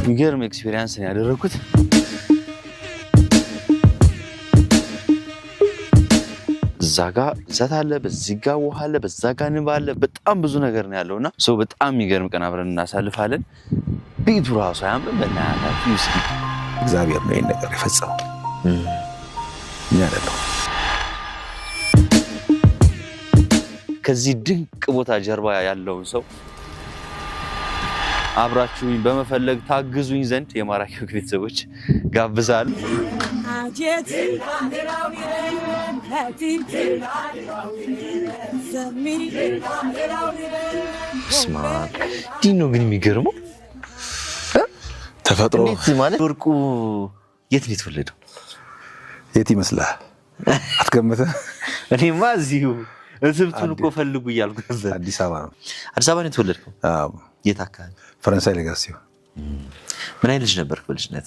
የሚገርም ኤክስፔሪንስ ነው ያደረግኩት። እዛ ጋ ብዛት አለ፣ በዚህ ጋ ውሃ አለ፣ በዛ ጋ ንብ አለ። በጣም ብዙ ነገር ነው ያለው እና ሰው በጣም የሚገርም ቀን አብረን እናሳልፋለን። ቤቱ ራሱ አያምርም? በእናታችሁ እስኪ እግዚአብሔር ነው ይህን ነገር የፈጸመው እኛ ከዚህ ድንቅ ቦታ ጀርባ ያለውን ሰው አብራችሁኝ በመፈለግ ታግዙኝ ዘንድ የማራኪው ቤተሰቦች ጋብዛል። ስማ ዲን ነው ግን የሚገርመው ተፈጥሮ ማለት ወርቁ የት ነው የተወለደው? የት ይመስላል? አትገምትም? እኔማ እዚሁ እስብቱን እኮ ፈልጉ እያልኩ አዲስ አበባ ነው። አዲስ አበባ ነው የተወለድከው? የት አካባቢ? ፈረንሳይ ምን አይነት ልጅ ነበርክ በልጅነት?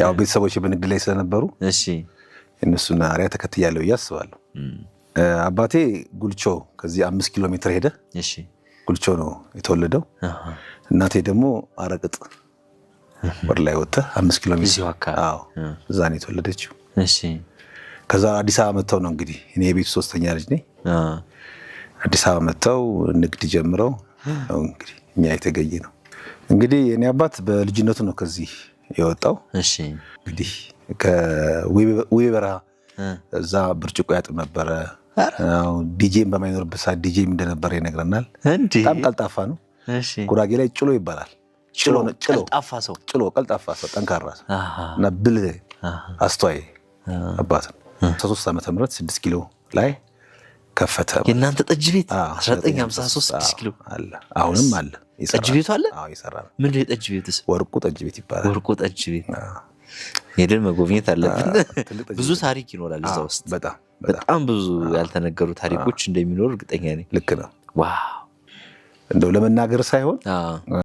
ያው ቤተሰቦች በንግድ ላይ ስለነበሩ እነሱን አርያ ተከትያለሁ ብዬ አስባለሁ። አባቴ ጉልቾ ከዚህ አምስት ኪሎ ሜትር ሄደ ጉልቾ ነው የተወለደው። እናቴ ደግሞ አረቅጥ ወደ ላይ ወጥተ አምስት ኪሎ ሜትር እዛ ነው የተወለደችው። ከዛ አዲስ አበባ መጥተው ነው እንግዲህ እኔ የቤቱ ሶስተኛ ልጅ ነኝ። አዲስ አበባ መጥተው ንግድ ጀምረው እንግዲህ እኛ የተገኘ ነው። እንግዲህ የኔ አባት በልጅነቱ ነው ከዚህ የወጣው። እንግዲህ ከዌበራ እዛ ብርጭቆ ያጥብ ነበረ። ዲጄም በማይኖርበት ሰዓት ዲጄም እንደነበረ ይነግረናል። በጣም ቀልጣፋ ነው። ጉራጌ ላይ ጭሎ ይባላል። ጭሎ ቀልጣፋ ሰው፣ ጠንካራ ሰው እና ብልህ አስተዋይ አባት ነው። ከሶስት ዓመተ ምህረት ስድስት ኪሎ ላይ ከፈተ። የእናንተ ጠጅ ቤት 1953 ኪሎ አለ፣ አሁንም አለ። ጠጅ ቤቱ አለ። ምንድን የጠጅ ቤት ወርቁ ጠጅ ቤት ይባላል። ወርቁ ጠጅ ቤት ሄደን መጎብኘት አለብን። ብዙ ታሪክ ይኖራል እዛ ውስጥ በጣም በጣም ብዙ ያልተነገሩ ታሪኮች እንደሚኖር እርግጠኛ ነኝ። ልክ ነው። ዋው እንደው ለመናገር ሳይሆን